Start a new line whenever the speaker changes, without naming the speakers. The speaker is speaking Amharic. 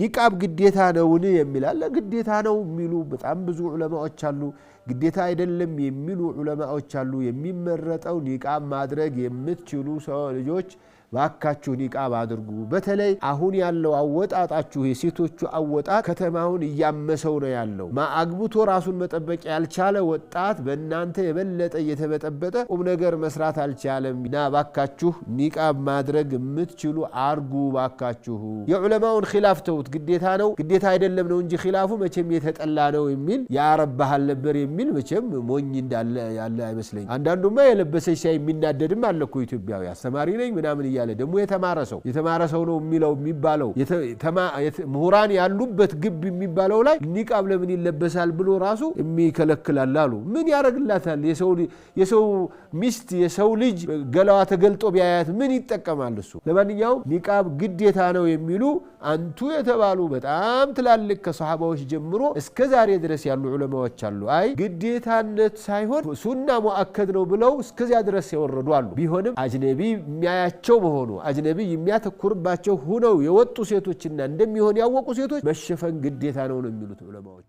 ኒቃብ ግዴታ ነውን የሚላለ ግዴታ ነው የሚሉ በጣም ብዙ ዑለማዎች አሉ። ግዴታ አይደለም የሚሉ ዑለማዎች አሉ። የሚመረጠው ኒቃብ ማድረግ የምትችሉ ሰው ልጆች ባካችሁ ኒቃብ አድርጉ። በተለይ አሁን ያለው አወጣጣችሁ የሴቶቹ አወጣት ከተማውን እያመሰው ነው ያለው። አግብቶ ራሱን መጠበቅ ያልቻለ ወጣት በእናንተ የበለጠ እየተበጠበጠ ቁም ነገር መስራት አልቻለም ና ባካችሁ ኒቃብ ማድረግ የምትችሉ አርጉ። ባካችሁ የዑለማውን ኪላፍ ተውት። ግዴታ ነው ግዴታ አይደለም ነው እንጂ ኪላፉ መቼም የተጠላ ነው የሚል ያረባሃል ነበር የሚል መቼም ሞኝ እንዳለ ያለ አይመስለኝ። አንዳንዱማ የለበሰች ሳይ የሚናደድም አለ ኢትዮጵያዊ አስተማሪ ነኝ ምናምን እያ እያለ ደግሞ የተማረ ሰው የተማረ ሰው ነው የሚለው የሚባለው ምሁራን ያሉበት ግብ የሚባለው ላይ ኒቃብ ለምን ይለበሳል ብሎ ራሱ የሚከለክላል አሉ። ምን ያደርግላታል? የሰው ሚስት የሰው ልጅ ገላዋ ተገልጦ ቢያያት ምን ይጠቀማል እሱ? ለማንኛውም ኒቃብ ግዴታ ነው የሚሉ አንቱ የተባሉ በጣም ትላልቅ ከሰሓባዎች ጀምሮ እስከ ዛሬ ድረስ ያሉ ዑለማዎች አሉ። አይ ግዴታነት ሳይሆን ሱና ሙአከድ ነው ብለው እስከዚያ ድረስ ያወረዱ አሉ። ቢሆንም አጅነቢ የሚያያቸው ከሆኑ አጅነቢ የሚያተኩርባቸው ሁነው የወጡ ሴቶችና እንደሚሆን ያወቁ ሴቶች መሸፈን ግዴታ ነው ነው የሚሉት ዑለማዎቹ።